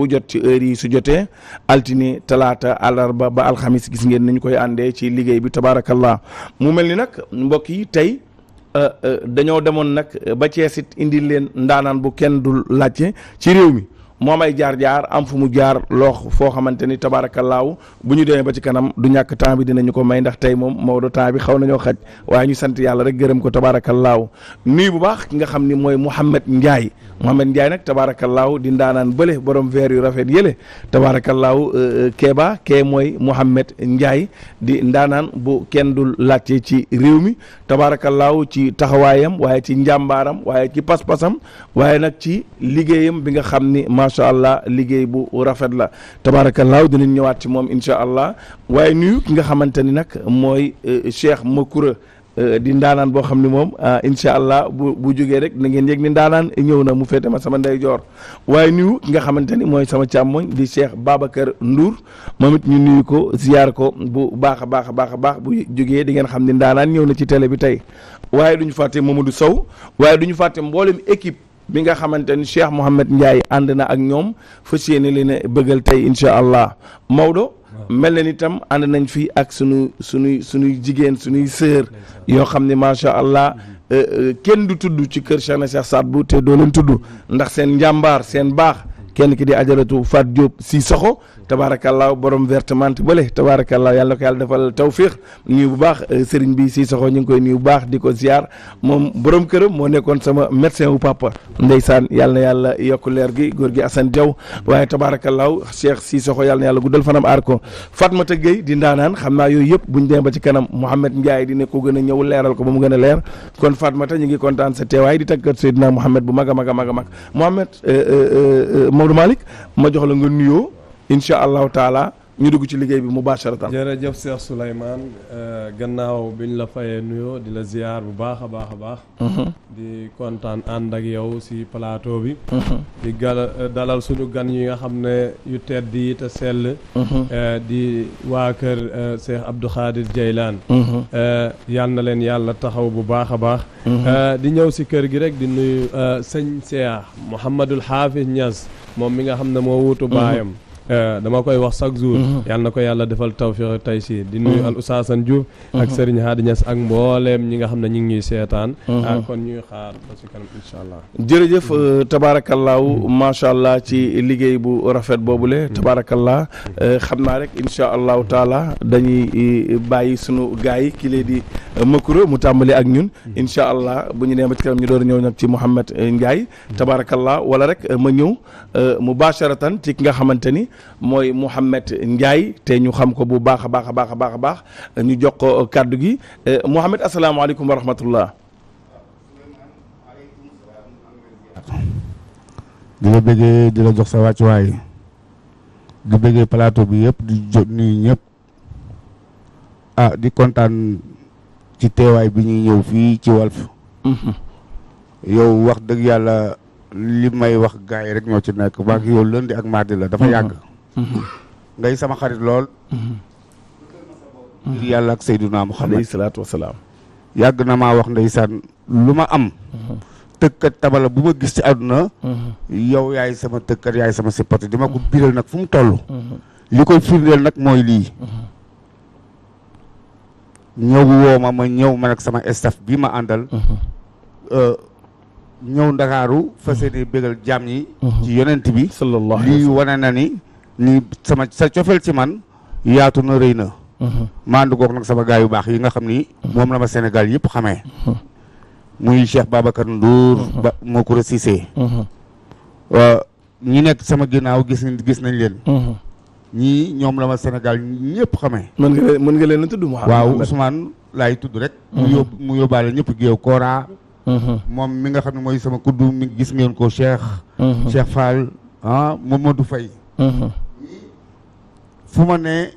waxtu jot ci heure yi su jotee altine talaata àllarba ba alxamis gis ngeen nañ koy àndee ci liggéey bi tabaarakallah mu mel ni nag mbokk yi tey euh, euh, dañoo demoon nag ba ceesit indi leen ndaanaan bu kenn dul laajte ci réew mi moom ay jaar-jaar am fu mu jaar loox foo xamante ni tabaarakallaahu bu ñu demee ba ci kanam du ñàkk temps bi dinañu ko may ndax tey moom Maodo temps bi xaw nañoo xaj waaye ñu sant yàlla rek gërëm ko tabaarakallaahu nuyu bu baax ki nga xam ni mooy Mouhamed Ndiaye Mouhamed Ndiaye nag tabaarakallaahu di ndaanaan bële borom verre yu rafet yële tabaarakallaahu euh, euh, Kéba kee mooy Mouhamed Ndiaye di ndaanaan bu kenn dul laajte ci réew mi tabaarakallaahu ci taxawaayam waaye ci njàmbaaram waaye macha liggéey bu rafet la tabaarakallaahu dinañ ñëwaat ci moom incha allah waaye nuyu ki nga xamante ni nag mooy euh, Cheikh Makoura euh, di ndaanaan boo xam ni moom ah, incha allah bu bu jógee rek na ngeen yëg ni ndaanaan ñëw na mu féete ma sama ndeyjoor waaye nuyu ki nga xamante ni mooy sama càmmoñ di Cheikh Babacar nduur moom it ñu nuyu ko ziyaar ko bu baax a baax a baax a baax bu jógee di ngeen xam ni ndaanaan ñëw na ci télé bi tey waaye du ñu fàtte Mamadou Sow waaye du ñu fàtte mboolem équipe. bi nga xamante ni Cheikh Mouhamed Ndiaye ànd na ak ñoom fas yéene leen a bëggal tey incha allah Maodo. mel na ni tam ànd nañ fi ak sunu sunuy sunuy jigéen sunuy sœur yoo xam ne macha allah mm-hmm. euh, euh, kenn du tudd ci kër Cheikhna Cheikh Saad bu te doo leen tudd mm-hmm. ndax seen njàmbaar seen baax kenn ki di ajaratu Faat Diop si soxo tabaarakallaa borom vertemante bële tabaarakallaa yàlla ko yàlla defal tawfiix nuyu bu baax euh, sëriñ bi si soxo ñu ngi koy nuyu bu baax di ko ziar moom borom këram moo nekkoon sama médecin u papa ndeysaan yàlla na yàlla yokk leer gi góor gi Assane Diaw waaye tabaarakallaa Cheikh si soxo yàlla na yàlla guddal fanam aar ko Fatmata Gueye di ndaanaan xam naa yooyu yëpp buñ demee ba ci kanam Mouhamed Ndiaye di ne ko gën a ñëw leeral ko ba mu gën a leer kon Fatmata ñu ngi kontaan sa teewaay di tàggat Seydina Mouhamed bu mag a mag a mag a mag Mouhamed euh, euh, Maodo Malick ma jox la nga nuyoo incha allahu taala ñu dugg ci liggéey bi mubasharatan jërëjëf Cheikh Souleymane euh, gannaaw bi ñu la fayee nuyoo di la ziar bu baax a baax a baax mhm. di kontaan ànd ak yow si plateau bi mhm. di gal euh, dalal suñu gan yi nga xam ne yu tedd yi te sell mhm. euh, di waa kër Cheikh Abdou Khadir Jeylaan yal leen yàlla taxaw bu baax a baax di ñëw si kër gi rek di nuyu sëñ Cheikh Mouhamadul Hafiz Niass moom mi nga xam ne moo wuutu baayam Euh, dama koy wax chaque jour. Mhm. yàlla na ko yàlla defal tawfiq tay si di nuyu mhm. al Oustaz Assane Diouf. ak mhm. Serigne Hadi ak mbooleem ñi nga xam ne ñu ngi ñuy seetaan. ak ah, kon ñuy xaar ba allah. jërëjëf euh, tabaarakallaahu macha allah ci liggéey bu rafet boobu boobule. tabaarakallah euh, xam naa rek incha allahu taala dañuy bàyyi sunu gaay yi di Makuro mu tàmbali ak ñun. incha allah bu ñu nee ba ci kanam ñu door ñëw nag ci Mouhamed Ndiaye. tabaarakallah wala rek ma ñëw mubasharatan ci ki nga xamante ni. mooy Mouhamed Ndiaye te ñu xam ko bu baax a baax a baax a baax a baax ñu jox ko kàddu gi eh, Mouhamed asalaamaaleykum wa rahmatullah di la bëggee di la jox sa wàccuwaay di bëggee palaato bi yëpp di jot nuyu ñëpp a ah, di kontaan ci teewaay bi ñuy ñëw fii ci Walf mhm. yow wax dëgg yàlla li may wax gars yi rek ñoo ci nekk ba yow lundi ak mardi la dafa mhm. yàgg mhm. ngay sama xarit lool ngir mhm. yàlla ak Seydunaa Muhammad alayhi salaatu yàgg na maa wax ndeysaan lu ma am tëkkat tabala bu ma gis ci àdduna yow yaay sama tëkkat yaay sama sippati di ma ko biral nag fu mu toll li koy firndeel nag mooy lii ñëw woo ma ma ñëw man ak sama staff bi ma àndal euh, ñëw ndakaaru fas mhm. yéene bégal jaam ñi mhm. ci yonent bi sallallahu lii wane na ni ni sama sa cofeel ci man yaatu na rëy na mhm. ma ànd goog nag sama gaay yu baax yi nga xam ni moom la ma Sénégal yëpp xamee muy Cheikh Babacar Ndour ba moo ko Cissé euh, ñi nekk sama ginnaaw gis gis nañ leen ñii ñoom la ma Sénégal ñëpp xamee mën nga mën nga leen a waaw Ousmane laay tudd rek mu yóbbaale ñëpp géew Kora Mm-hmm. moom mi nga xam ne mooy sama kuddu mi gis ngeen koo Cheikh. Mm-hmm. Cheikh Fall ma ah, Mamadou fay mm-hmm. fu ma ne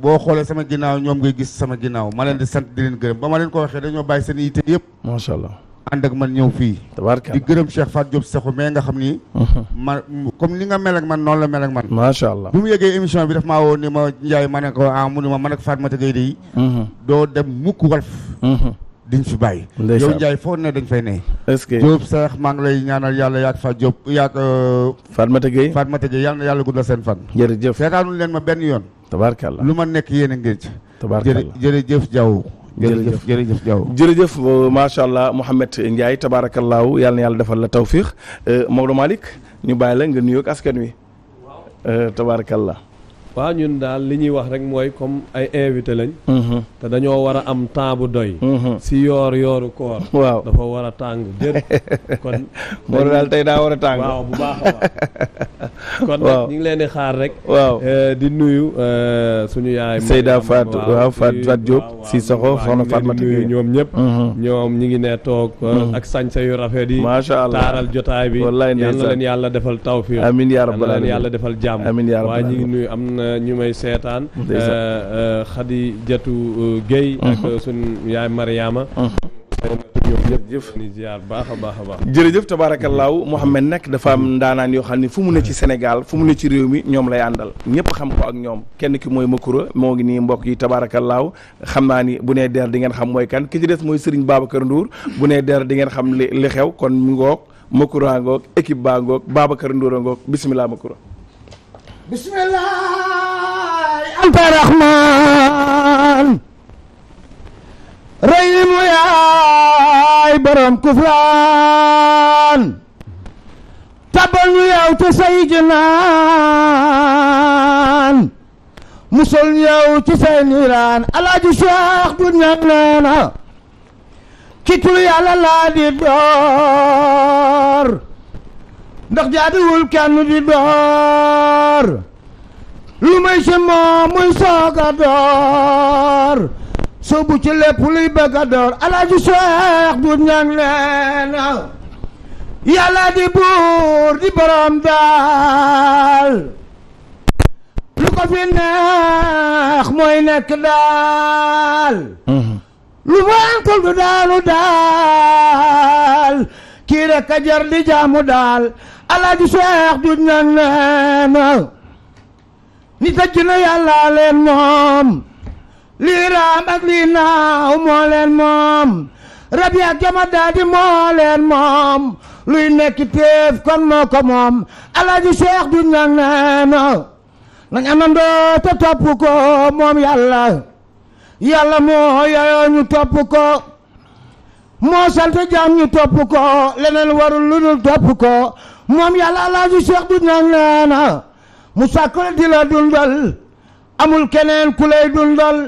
boo xoolee sama ginnaaw ñoom nga gis sama ginnaaw ma leen di sant di leen gërëm ba ma leen ko waxee dañoo bàyyi seen it yëpp. macha allah ànd ak man ñëw fii. di gërëm Cheikh Fatou Diop Sakho mais nga xam ni. ma comme ni nga mel ak man noonu la mel ak man. macha allah bu mu yeggee émission bi daf maa woo ni ma Ndiaye ma ne ko ah mu ne ma man ak ma Gueye de yi. doo dem mukk Walf. diñ fi bàyyi. yow Ndiaye foo ne dañ fay ne. est-ce que Diop Seex maa ngi lay ñaanal yàlla yaag fa Diop yaag. Euh, Fatmata Gueye Fatmata Gueye yàlla na yàlla guddal seen fan. jërëjëf seetaanul leen ma benn yoon. tabaarkàlla lu ma nekk yéen a ngeen ci. tabaarkàlla jërëjëf Diaw. jërëjëf jërëjëf Diaw jërëjëf euh, macha allah Mouhamed Ndiaye tabaarakallaahu yàlla na yàlla defal la tawfiix euh, Maodo malik ñu bàyyi la nga nuyoog asken wi. tabaarkàlla waaw ñun daal li ñuy wax rek mooy comme ay invité lañ. Mm-hmm. te dañoo war a am temps bu doy. Mm-hmm. si yoor yooru koor. waaw dafa war a tàng jër. kon moo daal tey daa war a tàng. waaw bu baax kon nag ñu ngi leen di xaar rek. waaw eh, di nuyu eh, suñu yaay. Seyda Fatou waaw Fatou Fatou Diop. si soxo soxna Fatou Mati nuyu ñoom ñëpp. Mm-hmm. ñoom ñi ngi ne toog. Eh, ak sañse yu rafet yi. macha allah taaral jotaay bi. yàlla defal tawfiq. amiin yaa rabbal aalamiin leen yàlla defal jàmm. waaye ñu ngi nuyu am ñu may seetaan jatu euh, euh, euh, Guèye mm-hmm. ak suñ yaay Mariama mm-hmm. jërëjëf ziar baax a baax a baax jërëjëf tabaarakallaahu Mouhamed nag dafa am ndaanaan yoo xam ne fu mu ne ci Sénégal fu mu ne ci réew mi ñoom lay àndal ñëpp xam ko ak ñoom kenn ki mooy Makura moo ngi nii mbokk yi tabaarakallaahu xam naa ni bu nee der di ngeen xam mooy kan ki ci des mooy Serigne Babacar Ndour bu ne der di ngeen xam li li xew kon ngoog Makura ngoog équipe baa ngoog Babacar Ndour a ngoog bisimilah بسم الله أنت رحمن رحيم يا برم كفلان تبن يا تسيجنان مسل يا تسينيران على جشاخ دنيا لنا كتلو يا لا دي دور ndax jaaduwul kenn di door lu may si moom muy soog a soobu ci lépp luy bëgg a door alaaji Seex Buur Ñaŋ nee na yàlla di buur di borom daal lu ko fi neex mooy nekk daal mm-hmm. lu ma ankul du daalu daal rek a jar di Seex Juuj nag nee moom lii ak lii naaw moo moom luy nekk téef kon moo ko moom alaaji Seex Juuj nag nee na nañ amandoo te ko moom yàlla yàlla moo yayoo ñu topp ko moo sant jaam ñi topp ko leneen warul lu dul topp ko moom yàlla alaaji cheikh du nag nee mu sàkkul di dundal amul keneen ku lay dundal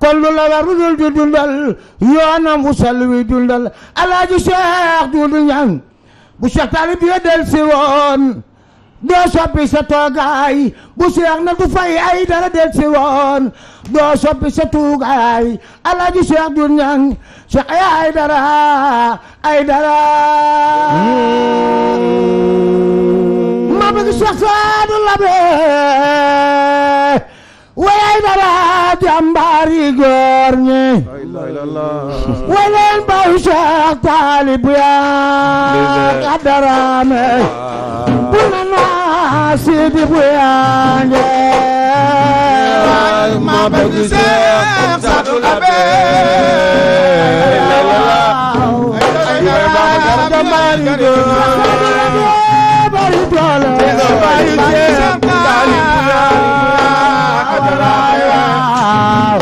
kon lu la warul dul di dundal yoonam wu sell wi dundal alaaji cheikh du du ñang bu cheikh taalib ya del si woon doo soppi sa toogaay bu seex na du ay dara del si doo soppi sa tuugaay alaaji seex du ñang seex ay dara ay dara mm. ma bëgg seex saadu labe way na la jàmbaari góor ñi way leen baw Cheikh bu na naa Sidi bu yaa ma bëgg Cheikh Sadou Labe jàmbaari góor bari doole bari Cheikh Taalib Abdoulaye waaw.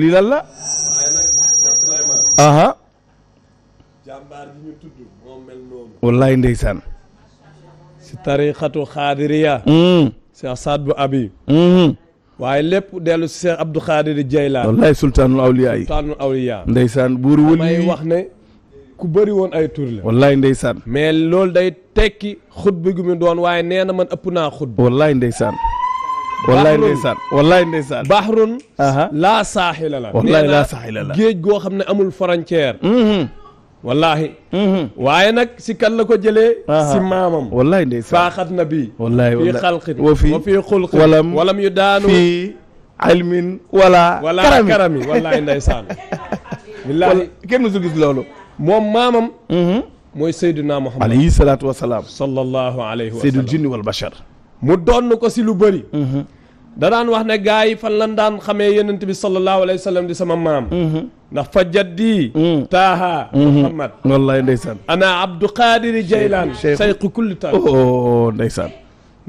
lii lan la. aha. jàmbaar bi ñu ndeysaan. si tariqatu xaadiriya. Hmm. Cheikh Saad bu Abi. Hmm. waaye lépp dellu si Cheikh Abdou Khadir Jaylaan. wallaay sultaanul awliya ndeysaan buur wëli may wax ne. ku bëri woon ay tur la. wallaay ndeysaan. mais loolu day tekki xutba gu mu doon waaye nee na man ëpp naa xutba. wallaay ndeysaan. wallaay ndeysaan wallaay ndeysaan bahrun laa saaxila la wallaay laa saaxila la géej goo xam ne amul frontière mhm. wallahi mhm. waaye nag si kan la ko jëlee si maamam wallaay ndeysaan faaxat na bi wallaay fii xalqin wa fii wa fii xulqin walam walam yu daanu fii ilmin wala wala karami wallaay ndeysaan billaahi kenn musul gis loolu moom maamam mhm. mooy sayduna muhammad alayhi salaatu wasalaam sallallahu alayhi wa sallam saydul jinni wal bashar mu donn ko si lu bëri mm-hmm. da daan wax ne gars yi fan lañ daan xamee yonent bi sallallahu alayhi wa sallam di sama maam mm-hmm. ndax fa jaddi mm-hmm. taaha muhammad wallaay ndeysaan ana abdou qadiri jaylaan sayqu kulli taal o oh, oh, oh, ndeysaan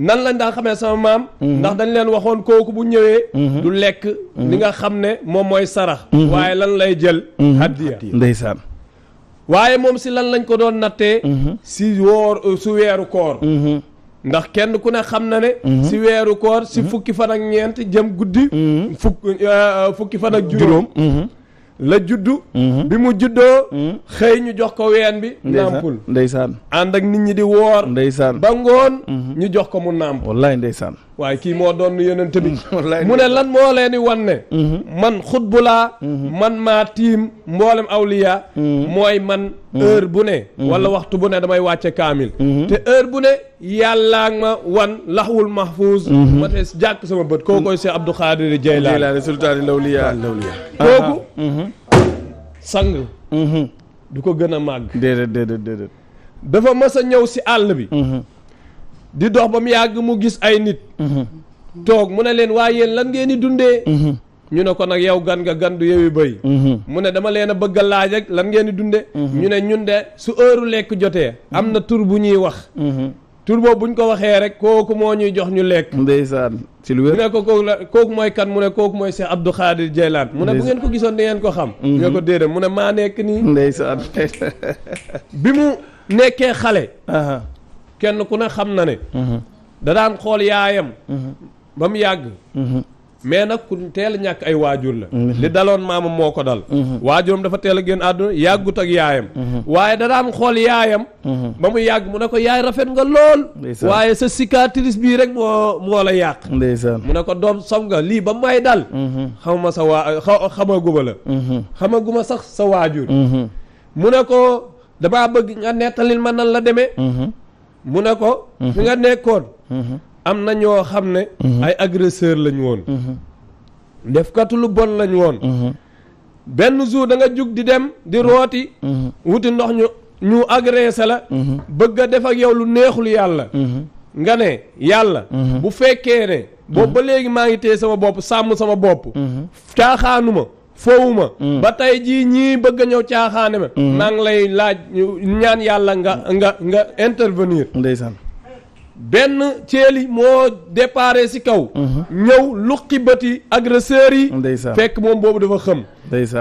nan lañ daan xamee sama maam ndax dañ leen waxoon kooku bu ñëwee du lekk li nga xam ne moom mooy sarax waaye lan lay jël haddiya ndeysaan waaye moom si lan lañ ko doon nattee si woor uh, su weeru koor ndax kenn ku ne xam na ne mhm. si weeru koor si mhm. fukki fan ak ñeent jëm guddi mhm. fukk euh, fukki fan ak juróom la juddu bi mu juddoo xëy ñu jox ko ween bi nàmpul ndeysaan ànd ak nit ñi di woor ndeysaan ba ngoon ñu jox ko mu nàmp wallaay ndeysaan waaye kii moo doon yonent bi mu ne lan moo leen di wan ne mhm. man xutbu mhm. man maa tiim mboolem awliya mhm. mooy man heure bu ne wala waxtu bu ne damay wàcce kaamil te heure bu ne yàllaa ma wan laxwul mahfuuz ma te jàkk sama bët kooku koy Cheikh Abdou Khadir Jeylaani sultaani lawliya lawliya ah, kooku ah. sang du ko gën a màgg déedéet déedéet dafa mas ñëw si àll bi di dox ba mu yàgg mu gis ay nit mhm. toog mu ne leen waa yéen lan ngeen di dundee mhm. ñu ne ko nag yow gan nga gan du yowi bëy mhm. mu ne dama leen a bëgg a laaj rek lan ngeen di dunde ñu ne ñun de su heure lekk jotee am na tur bu ñuy wax tur boobu buñ ko waxee rek kooku moo ñuy jox ñu lekk ndeysaan ci lu wér mu ne ko kooku la kooku mooy kan mu ne kooku mooy Cheikh Abdou Khadir Jeylaan mu ne bu ngeen ko gisoon di ngeen ko xam ñu ne ko déedéet mu ne maa nekk nii ndeysaan bi mu nekkee xale kenn ku ne xam na ne mhm. da daan xool yaayam mhm. ba mu yàgg mhm. mais nag ku teel ñàkk ay waajur la li daloon maamam moo ko dal waajuram dafa teel a génn àdduna yàggut ak yaayam waaye da daan xool yaayam ba mu yàgg mu ne ko yaay rafet nga lool waaye sa cicatrice bii rek moo moo la yàq ndeysaan mu ne ko doom sam nga lii ba may dal xamuma sa waa xamaguma la xamaguma sax sa waajur mu ne ko damaa bëgg nga nettalil ma nan la demee mu ne ko fi nga nekkoon mhm. am na ñoo xam ne mhm. ay agresseur lañ woon mhm. defkatu lu bon lañ woon benn jour da nga jug di dem di rooti wuti ndox ñu ñu agressé la bëgg a def ak yow lu neexul yàlla nga ne yàlla bu fekkee ne boobu ba léegi maa ngi téye sama bopp sàmm sama bopp caaxaanuma foowuma mm. ba tey jii ñii bëgg a ñëw caaxaane ma mm. maa ngi lay laaj ñaan yàlla nga nga nga intervenir ndeysaan benn ceeli moo déparé ci kaw mm-hmm. ñëw luqi bëti agresseurs yi fekk moom boobu dafa xëm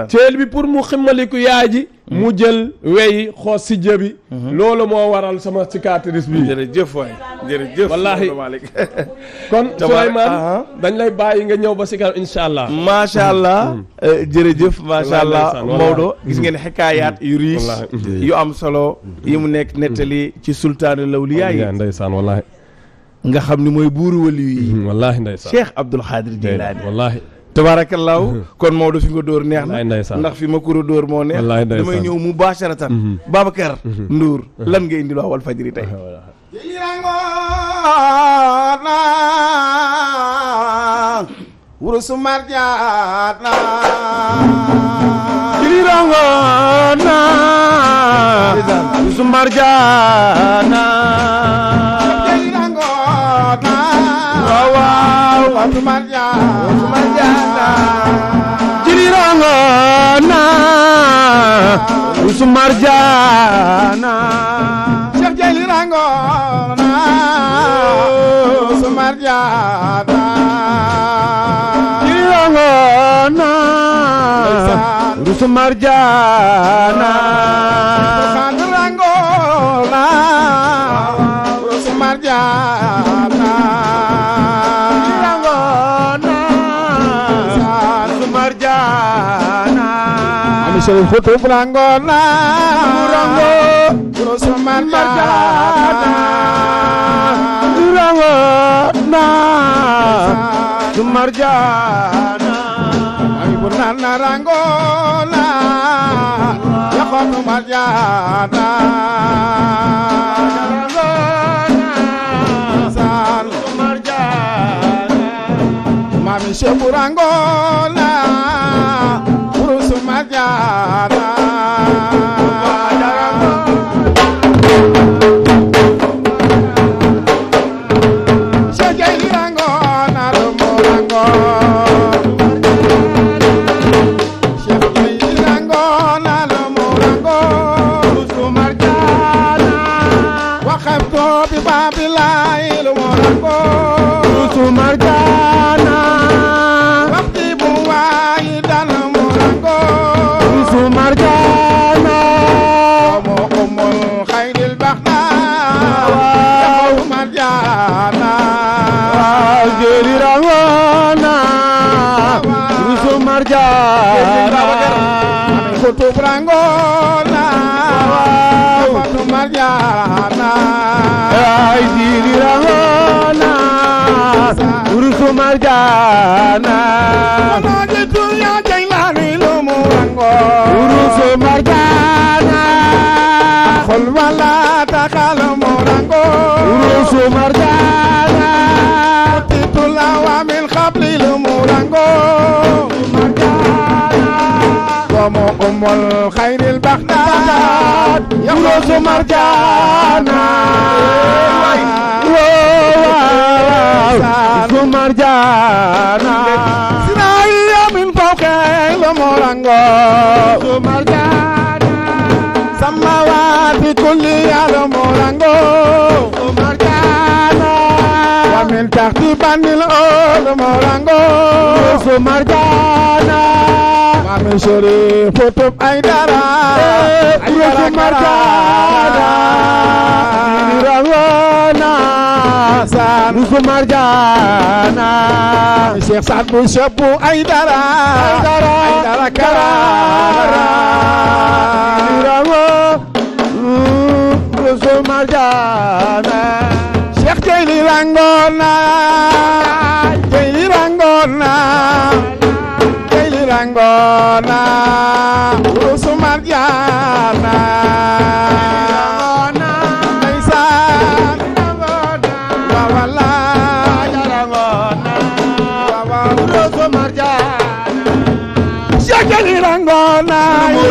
ceeli bi pour mu ximmaliku yaay ji mu jël weyi xoos si jëbi mhm. loolu moo waral sama si cicatrice bi jërëjëf waay jërëjëf wallaahi kon Souleymane dañ lay bàyyi nga ñëw ba si kanam incha allah macha mhm. allah mhm. Eh, jërëjëf macha allah Maodo gis ngeen xekaayaat yu riis yu am solo yi mu nekk nettali ci sultaanu lawliyaa yi ndeysaan nga xam ni mooy buuru waliyu yi wallaahi ndeysaan Xaadir Jilaani tabaarakallaahu kon Maodo fi nga dóor neex na ndax fi ma kura dóor moo neex damay ñëw mu baasharatan Babacar lan nga indil waa Walfadjri tey jilirangoona wurusu marjaana jilirangoona wurusu marjaana Ousmane Diagne Ousmane Diagne jirirango na Ousmane Diagne Cheikh Diagne lirango na Ousmane Diagne jirirango na Ousmane Diagne Ousmane lirango na Ousmane Diagne Sëriñ Xutub rango na rango Usmaan marjaana rango na marjaana ay bu naan na rango na ajara. مرجانا أوتيت الهوى من قبل المرانجو مرجانا أم الخير البغداد يخلص مرجانا اسم مرجانا سنايا من فوق المرانجو مرجانا سماوات كل يالو Morango su Marjana Mami Chérif Kutub Aydara eh, Aydara Marjana Mini Rawona San su Marjana Cheikh Saad bu Chebu Aydara Aydara Aydara Karara Mini Rawona su Marjana Cheikh Jeyli rangoon na Jeyli rangoon na Jeyli rangoon na Urusu Marjaana rangona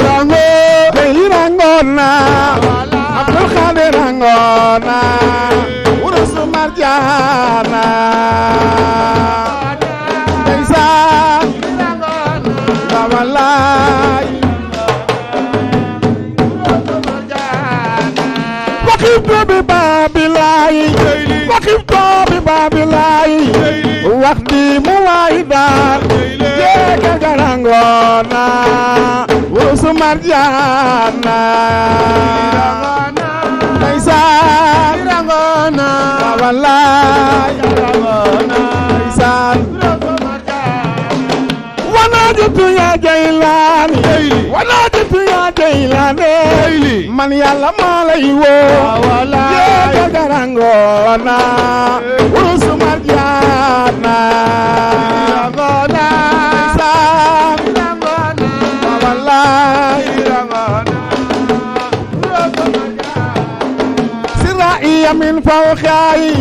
rango rango na abdul khadir rangona jaana ndeysaan la wallaay wakim doomi baabilaay wakim doomi baabilaay waxti mu waay daan jeega garangoona wusumar jaana na wallaay saan wanaajitu yaa jaylaani wanaajitu yaa jaylaani man yàlla maa lay woo jeega garangoona wursu marjaana siraahiya min fawqaayi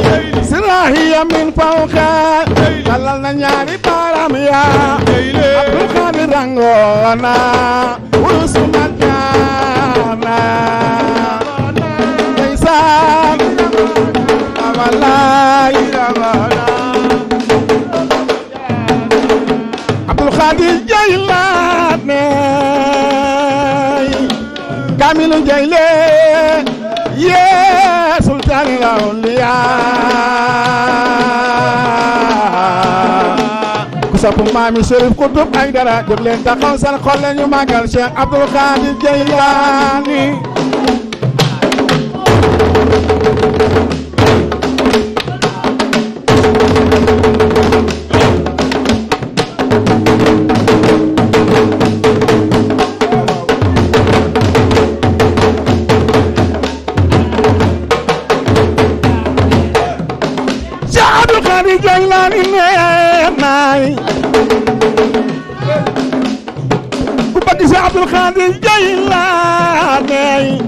siraahiya min fawqaayi tàllal na ñaari baaraam yaa Abdul Xaadir rangoona wusu makkaana ndeysaan walaay Abdul Xaadir Jaylaane Kaamilu Jayle yeah alawliyaa ku sapp maami Serif Kutub ay dara jóg leen taxaw seen xol leen ñu màggal Cheikh Abdul Xaadir Jeylaani bi Jaylaan nee naay ku bëgg si Abdul Xaadir Jaylaan nee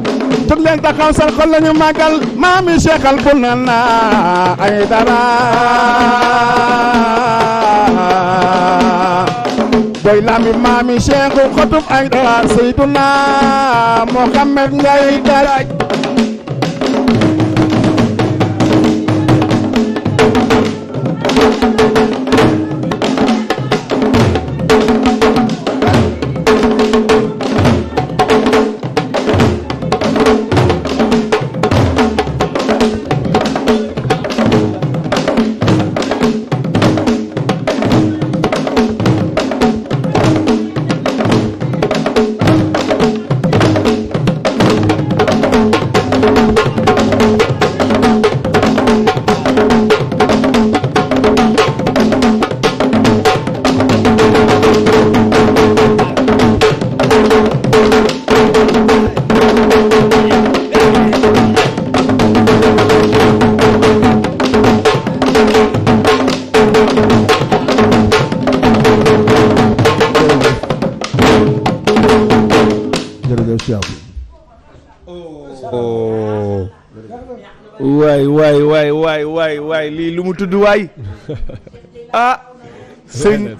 tut leen taxaw sal xol lañu màggal maami Cheikh al Bunana ay dara doy maami Cheikh xotub ay dara Seyduna Mohamed ngay dara Thank you. juddu waay ah sëñ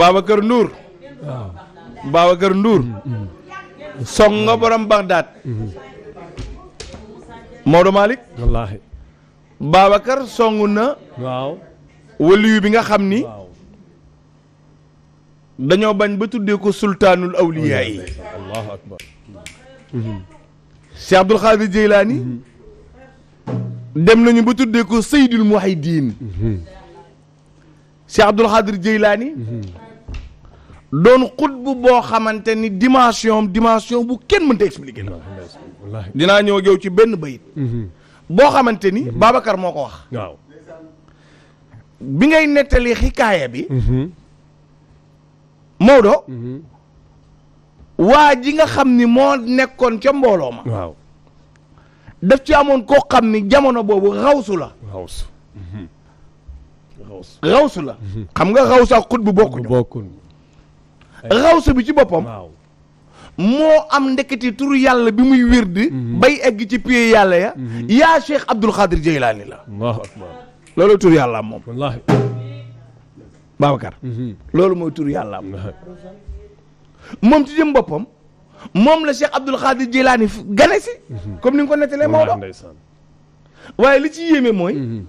Babacar Ndour waaw ah. Babacar mm, mm. song nga borom Bagdad mm-hmm. Maodo Malick wallaahi Babacar song na waaw bi nga xam ni dañoo bañ ba tuddee ko sultaanul awliyaa yi mm-hmm. Abdul Xaadir Jeylaani mm-hmm. dem nañu ba tuddee ko Seydul Muhyiddin Cheikh Abdul Xaadir Jeylaani doon xutbu boo xamante ni dimension dimension bu kenn mënta expliquer dinaa ñëw yow ci benn bayit mhm. boo xamante ni mhm. Babacar moo ko wax bi ngay nettali xikaaya bi mhm. Maodo waa ji nga xam ni moo nekkoon ca mbooloo ma daf ci amoon koo xam ni jamono boobu xawsu la. xawsu. xawsu la. Mhm. xam nga xawsu ak bu bokkuñu. bokkuñu. xawsu bi ci boppam. moo am ndeketi turu yàlla bi muy wirdi mhm. bay egg ci pied yàlla ya. Mhm. yaa Cheikh Abdul Xaadir Jeylaani la. loolu turu yàlla moom. wallaahi. loolu mooy turu yàlla am. moom ci jëm boppam. moom la Cheikh Abdoul Khadir Jilaani gane comme ni nga ko nettalee Maodo. waaye li ci yéeme mooy. Mhm.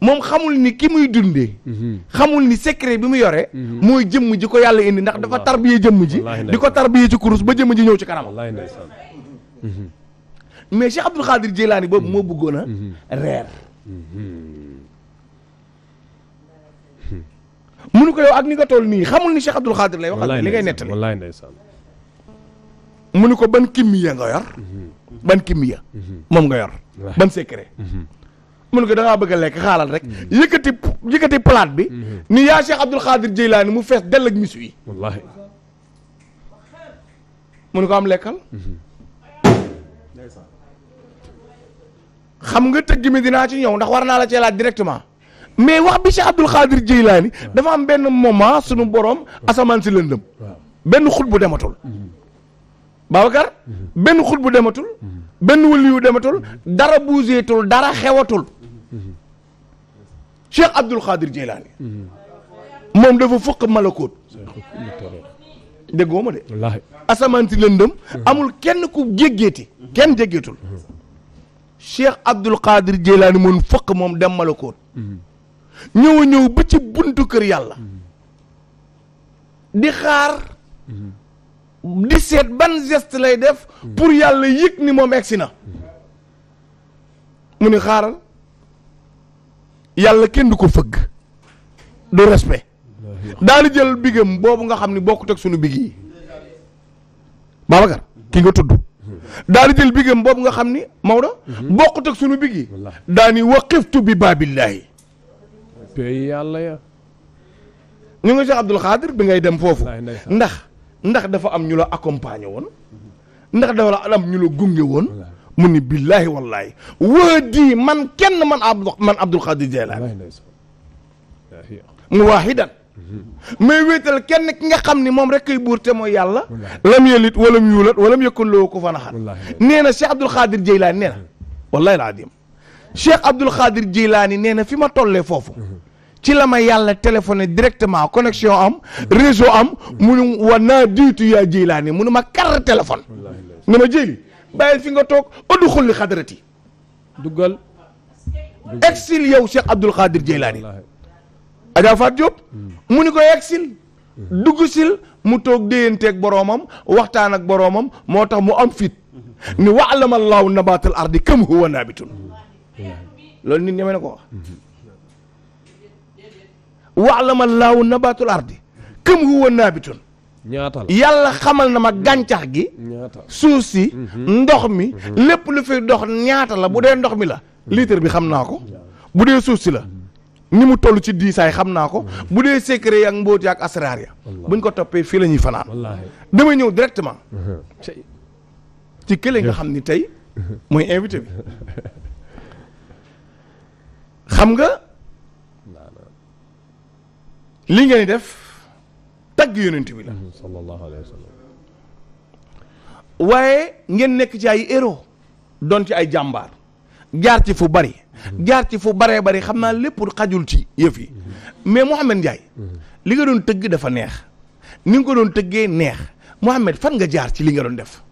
moom xamul ni ki muy dundee. Mhm. xamul ni secret bi mu yore. Mhm. mooy jëmm ji ko yàlla indi ndax dafa tarbiyee jëmm ji. di ko tarbiyee ci kurus ba jëmm ji ñëw ci kanam. mais Cheikh Abdoul Khadir Jilaani boobu moo bëggoon a. reer. munu ko yow ak ni nga toll nii xamul ni Cheikh Abdoul Khadir lay wax. li ngay nettali. mu ni ko ban kimmiya nga yor mhm. ban kimmiya mhm. moom nga yor ban secret mhm. mu ne ko da bëgg a lekk xaalal rek yëkkati yëkkati palaat bi ni yaa Cheikh Abdoul Khadir Jeylaani mu fees dell ak misu yi mu ne ko am lekkal xam nga tëgg mi dinaa ci ñëw ndax war naa la cee laaj directement mais wax bi Cheikh Abdoul Khadir Jeylaani dafa am benn moment sunu borom asamaan si lëndëm benn xut bu dematul Babacar benn xul bu dematul benn wëliyu dematul dara buuseetul dara xewatul Cheikh Abdul Xaadir Jeylaani moom dafa fukk malakoot déggoo ma de asamaan si lëndëm amul kenn ku jéggeeti kenn jéggeetul Cheikh Abdul Xaadir Jeylaani moom fukk moom dem malakoot ñëw a ñëw ba ci buntu kër yàlla di xaar di seet ban geste lay def pour yàlla yëg ni moom egsi na mu ni xaaral yàlla kenn du ko fëgg du respect daal jël bigam boobu nga xam ni bokkut ak sunu big yi Babacar ki nga tudd daal di jël bigam boobu nga xam ni Maodo bokkut ak sunu big yi daani waqiftu bi baabillaahi yàlla ñu ngi Cheikh Abdoul Khadir bi ngay dem foofu ndax ndax dafa am ñu la accompagner woon ndax dafa am ñu la gunge woon mu ni billaahi wallaahi waa man kenn man abdu man Abdul Xaadir Jaylaani mu waahidan may wéetal kenn ki nga xam ni moom rek ay buur te mooy yàlla lam yelit walam yuulat walam yëkkun loo ko fan axat nee na Cheikh Abdul Xaadir Jaylaani nee na wallaahi alaadim Cheikh Abdul Xaadir Jaylaani nee na fi ma tollee foofu mhm. ci la ma yàlla téléphone directement connexion am réseau am munu wa naa diitu yaa Jilaani munu ma kar téléphone ne ma jëli bàyyil fi nga toog ëddu xulli xadarati duggal exil yow Cheikh Abdoul Khadir Jilaani Adja Faat Diop mu ni ko exil dugg sil mu toog déyanteeg boroomam waxtaan ak boroomam moo tax mu am fit ni wa'lama allahu nabaatal ardi kam huwa naabitun loolu nit ñeme na ko la wa'lama llaahu nabaatul ardi kam huwa naabitun ñaatal yàlla xamal na ma gàncax gi. suuf si. Mhm. ndox mi mhm. lépp lu fi dox ñaata la bu dee ndox mi la. Mhm. litre bi xam naa ko. bu dee suuf si la. ni mu toll ci diisaay xam naa ko. bu dee secret yi ak mbóoti ak asraar ya buñ ko toppee fii la ñuy fanaan. damay ñëw directement. ci kële nga xam ni tey. mooy invité bi. xam nga. li ngeen def tagg yonent bi la. sallallahu alayhi wa waaye ngeen nekk ci ay héros doon ci ay jàmbaar jaar ci fu bari. jaar ci fu baree bari xam naa lépp xajul ci yëf yi. mais Mouhamed Ndiaye. li nga doon tëgg dafa neex. ni nga ko doon tëggee neex Mouhamed fan nga jaar ci li nga doon def.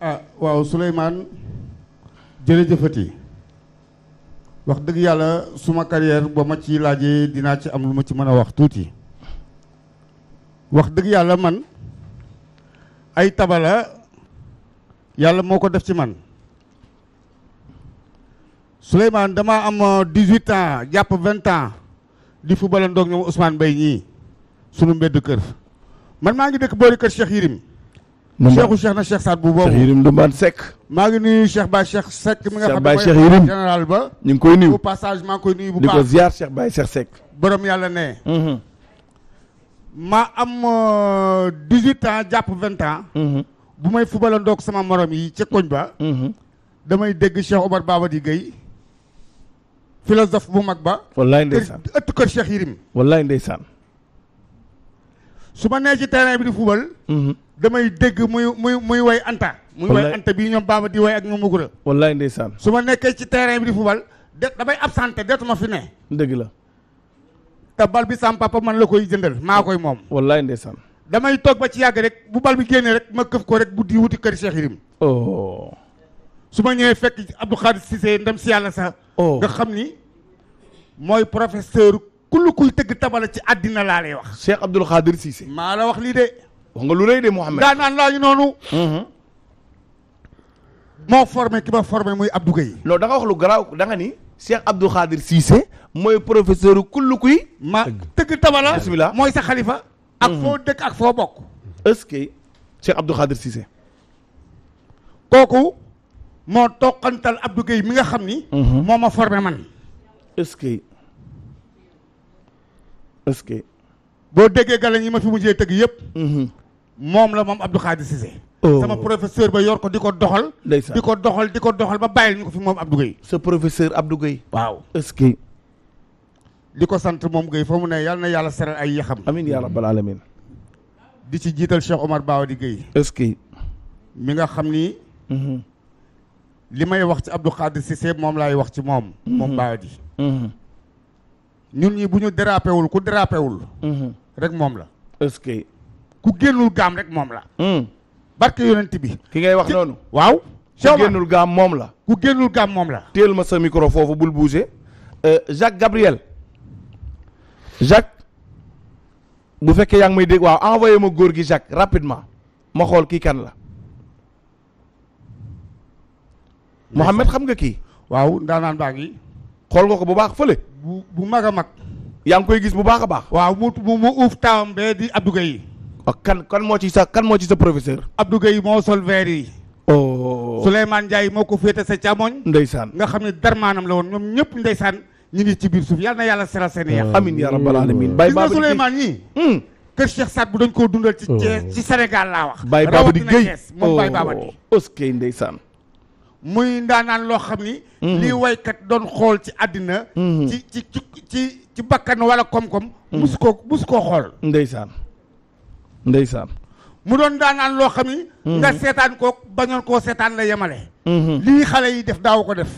ah waaw Souleymane jërëjëfati. wax dëgg yàlla su suma carrière ba ma ci laajee dinaa ci am lu ma ci mën a wax tuuti wax dëgg yàlla man ay tabala yàlla moo ko def ci man Souleymane damaa am 18 ans jàpp 20 ans di football ndoog ñoom Ousmane Mbaye ñii sunu mbedd kër man maa ngi dëkk boori kër Cheikh Yirim cheikhu cheikh na cheikh Saad bu boobu. cheikh Yirim Ndoumane Seck. maa ngi nuyu cheikh Baye Cheikh Seck. mi nga xam ne mooy général ba. ñu ngi koy nuyu bu passage maa ngi koy nuyu bu baax di ko yàlla ne. Mhm. ma am euh, jàpp 20 ans. Mhm. bu may fubala ndoog sama morom yi ca koñ ba. Mhm. damay dégg cheikh Omar Babadi Gueye. philosophe bu mag ba. wallaay ndeysaan ëtt kër cheikh Yirim. wallaay ndeysaan. su ma nee ci terrain bi di fubal. Mhm. damay dëgg muy muy muy woy anta. muy way anta bii ñoom baama di woy ak ñoom Mugura. wallaay ndeysaan. su ma nekkee ci terrain bi di fubal de damay absenté deetuma fi ne. dëgg la. te bal bi sam papa man la koy jëndal maa koy moom. wallaay ndeysaan. damay toog ba ci yàgg rek bu bal bi génnee rek ma këf ko rek bu di wuti kër seex Irim. Oh. su ma ñëwee fekk Abdou Khadir Cissé ndem si yàlla sa oh nga xam ni mooy professeur. kullu tëgg tabala ci àddina laa lay wax. Cheikh Abdoul Khadir Cissé. maa la wax lii de. wax nga lu lay de Mouhamed. daan naan laa ñu noonu. Mm-hmm. moo formé ki ma muy Abdou Gueye. non da nga wax lu garaaw da ni. Cheikh Abdoul Khadir Cissé. mooy professeur kullu kuy. ma tëgg tabala. mooy sa xalifa. ak mm-hmm. foo dëkk ak foo bokk. est-ce que Khadir Cissé. kooku moo toqantal Abdou Gueye mi nga xam ni. Mm-hmm. moo ma formé man. est est boo déggee galañ yi ma fi mujjee tëgg yëpp. Mhm. moom la moom Abdou Khadir Cissé. Oh. sama professeur ba yor ko di ko doxal. di ko doxal di ko doxal ba bàyyi ñu ko fi moom Abdou Guèye. sa professeur Abdou Guèye. waaw est di ko sant moom Guèye fa mu ne yàlla na yàlla seral ay yaxam. amiin yaa rabbal alamin di ci jiital Cheikh Omar Baawadi Guèye. est-ce mi nga xam ni. Mhm. li may wax ci Abdou Khadir Cissé moom laay wax ci moom. Mhm. moom Baawadi. ñun ñi bu ñu dérapé wul ku dérapé wul. Mhm. rek moom la. est-ce que. ku génnul gaam rek moom la. Hmm. barke yonent bi. ki ngay wax noonu. waaw. ku génnul gaam moom la. ku génnul moom la. téel ma sa micro foofu bul bouger. Euh, Jacques Gabriel. Jacques. bu fekkee yaa ngi may dégg waaw envoyé ma góor gi Jacques rapidement ma xool kii kan la. Mohamed xam nga ki waaw ndaanaan baa ngi. xool nga ko bu baax fële. bu bu mag a mag. yaa ngi koy gis bu baax a baax. waaw mu mu mu uuf taawam bee di Abdou Gueye. ak ah, kan kan moo ci sa kan moo ci sa professeur. Abdou yi moo sol verre yi. oh Souleymane Ndiaye moo ko féete sa càmmoñ. ndeysaan nga xam ne darmaanam la woon ñoom ñëpp ndeysaan ñu ngi ci biir suuf yal na yàlla seral seen i yàq. amiin rabbal aalamiin. bay baabu Souleymane ñii. Hmm. kër Cheikh Saad bu dañ koo dundal. ci oh. ci Sénégal laa wax. bay baabu di Guèye rawatina Thiès moom bay muy ndaanaan loo xam ni. Mm-hmm. lii waykat doon xool ci àddina. Mm-hmm. ci ci ci ci bakkan wala koom-koom. Mm-hmm. musu koo musu koo xool. ndeysaan ndeysaan. mu doon daanaan loo xam ni. nga seetaan ko bañoon koo seetaan la yemale. lii xale yi def daaw ko def.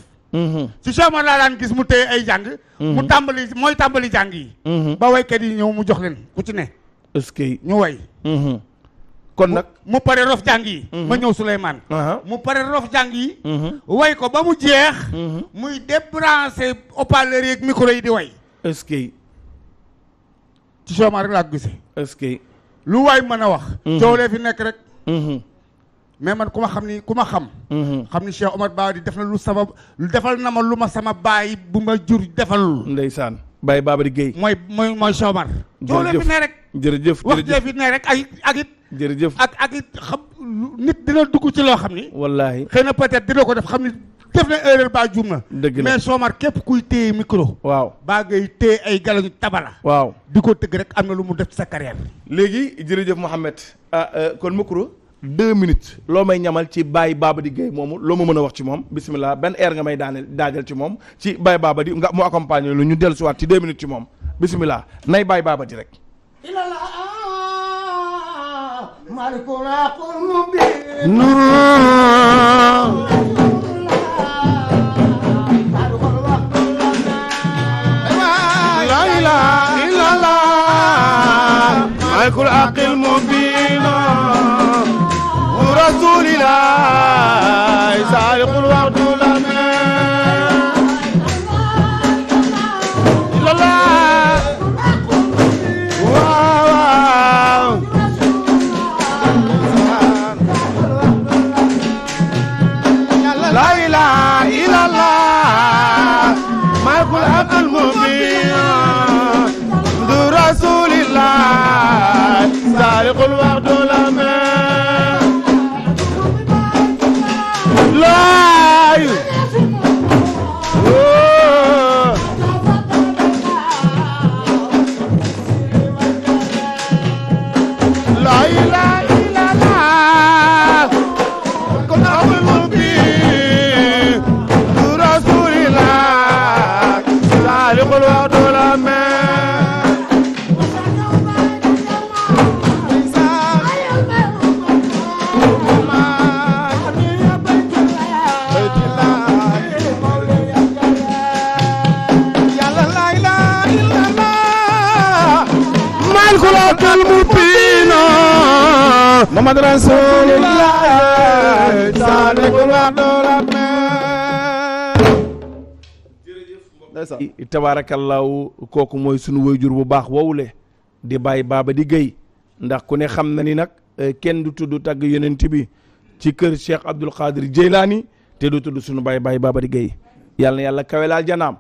ci sooma laa daan gis mu téye ay jàng. mu tàmbali mooy tàmbali jàng yi. ba waykat yi ñëw mu jox leen ku ci ne. est-ce ñu way. kon nag mu pare rof jàng yi mhm. ma ñëw Souleymane mu pare rof jàng yi mhm. way ko ba mu jeex mhm. muy débranché haut-parleur yeeg yi di way est-ce ci soomaa rek laa gisee est lu waay mën a wax coow lee fi nekk rek mais man ku ma xam ni ku ma xam xam ni Cheikh Omar Ba di def na lu sama defal na ma lu ma sama baay bu ma jur defalul ndeysaan Baye Babari Guèye. mooy mooy mooy Soomar. jërëjëf fi ne rek. jërëjëf jërëjëf wax jëf rek ay ak jërëjëf ak ak it xam nit dina dugg ci loo xam ni. wallaahi xëy na peut-être dina ko def xam ni def na erreur ba juum na. dëgg mais Soomar képp kuy téye micro. waaw baa ngay téye ay galañu tabala. waaw di koo tëgg rek am na lu mu def sa carrière. léegi jërëjëf Mouhamed ah euh, kon micro. deux minutes loo may ñamal ci Baye Babadi Gueye moomu loo ma mën a wax ci moom bisimilah benn air nga may daa daajal ci moom ci Baye Babadi nga mu accompagner lu ñu dellu siwaat ci deux minutes ci moom bisimilah nay Baye Babadi rek. ملك العقل المبين tabarakal رسول kooku mooy sunu wayjur bu baax wowule di bàyyi baaba di gay ndax ku ne xam na ni nag eh, kenn du tuddu tagg yonent bi ci kër Cheikh Abdul Qadir Jeylaani te du tudd sunu bàyyi bàyyi baaba di gay yàlla na yàlla kawelaal janaam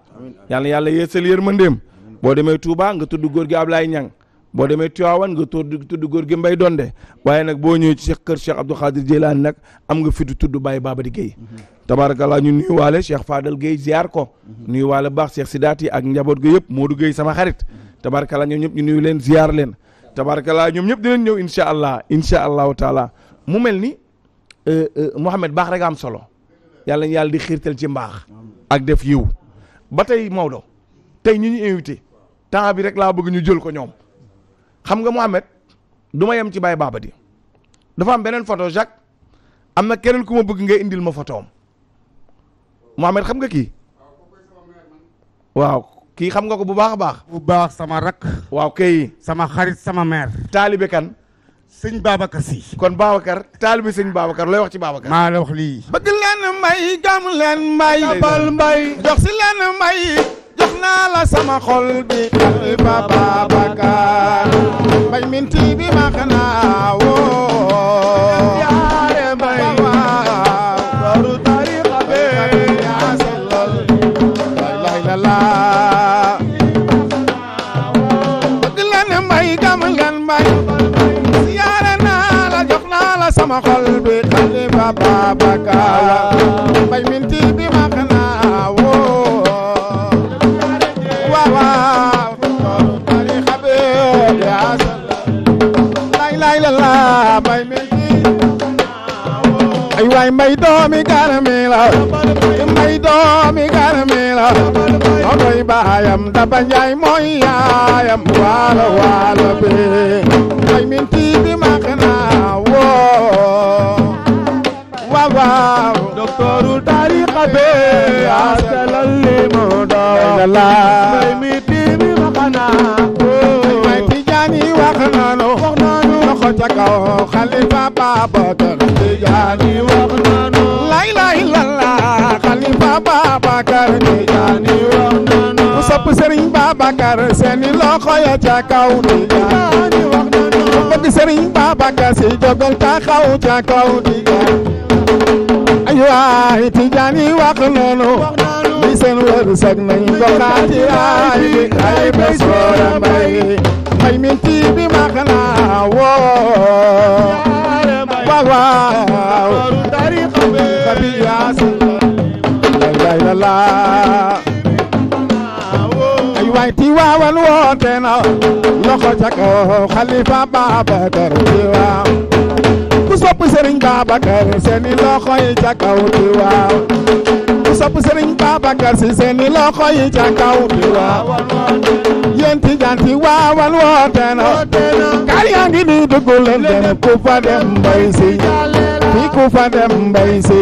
yàlla na yàlla yeesal yërmandeem boo demee Touba nga tudd góor gi Ablaye Ñang boo demee Tiwaawan nga tudd tudd góor gi mbay donde waaye nag boo ñëwee ci kër Cheikh Abdou Khadir Jeylaani nag am nga fitu tudd Baye Babadi Guèye mm-hmm. tabarakallah ñu nuyu waale Cheikh Fadal Guèye ziar ko mm-hmm. nuyu waale baax Cheikh Sidaati ak njaboot gi yëpp Modou Guèye sama xarit mm-hmm. tabarakallah ñoom ñëpp ñu nuyu leen ziar leen tabarakallah ñoom ñëpp dinañ ñëw incha allah incha allahu taala mu mel ni euh, euh, Mouhamed baax rek am solo yàlla yàlla di xiirtal ci mbaax ak def yiw ba tey Maodo tey ñu invité temps bi rek laa bëgg ñu jël ko ñoom xam nga Mohamed du ma yem ci Baye Baabadi dafa am beneen photo Jacques am na keneen ku ma bëgg ngay indil ma photo am Mohamed xam nga kii waaw kii xam nga ko bu baax a baax. bu baax sama rak. waaw kay. sama xarit sama meer taalibe kan. sëñ Babacar si. kon Babacar taalibe sëñ Babacar looy wax ci Babacar. maa la wax lii. bëgg leen mbay gàmm leen mbay. dabal leen mbay. naa la sama xol bi ba Babacar mbay minti bi ma xanaa woo yaare mbay baru tariqa be yaa sellal lay la la bëgg la ne mbay gam ngan mbay siyaare naa la jox naa la sama xol bi ba Babacar mbay minti baayam daba njaay mooy yaayam waalo waalo be mooy min tiidi maxna woo waaw waaw doktooru tariqa be asalal li mu doo mooy min tiidi maxna woo mooy tijaani wax nanu wax nanu loxo ca kaw xalifa Baabakar tijaani wax nanu la ilaha illallah xalifa Baabakar tijaani topp Serigne Babacar seeni loxo ya ca kaw di ñaan ku bëgg Serigne Babacar si jógal taxaw ca kaw di ay waay Tijaan yi wax noonu li seen wërsëg nañ ko xaati ay bi ay bés wara mbay mbay mi bi ma xanaa woo waaw waaw tariqa bi yaa si la la fan woote na loxo ca kaw xalifa Babacar Tiwaaw ku sopp Sëriñ Babacar seeni loxo yi ca kaw Tiwaaw ku sopp Sëriñ Babacar si seeni loxo yi ca kaw Tiwaaw yéen Tijaan Tiwaawan woote na gaal yaa ngi nii dugg leen ku fa dem mbay si fii ku fa dem mbay si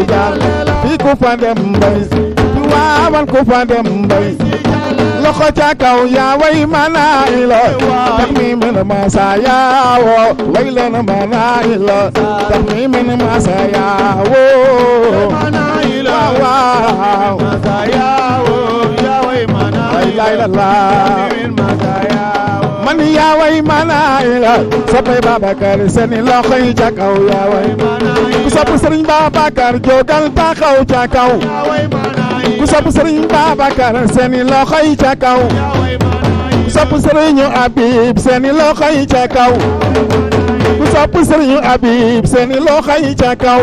fii ku fa dem mbay si Tiwaawan ku fa dem mbay loxo ca kaw yaa way mana ila tax mi mën ma sa yaawo way leen mana ila tax mi mën ma sa yaawo waaw man yaa way mana ila soppay Babacar seeni loxo yi ca kaw yaa way ku sopp Sëriñ Babacar jógal taxaw ca kaw ku sopp sëriñ Babacar seeni loxo yi ca kaw ku sopp sëriñu Habib seeni loxo yi ca kaw ku sopp sëriñu Habib seeni loxo yi ca kaw